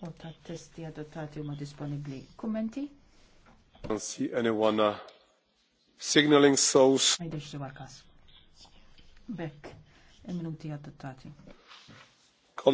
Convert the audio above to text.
konta testi adottati huma disponibbli. Kummenti? Don't see anyone uh, signaling souls. Għajdex dwar kas. Bekk, il-minuti adottati.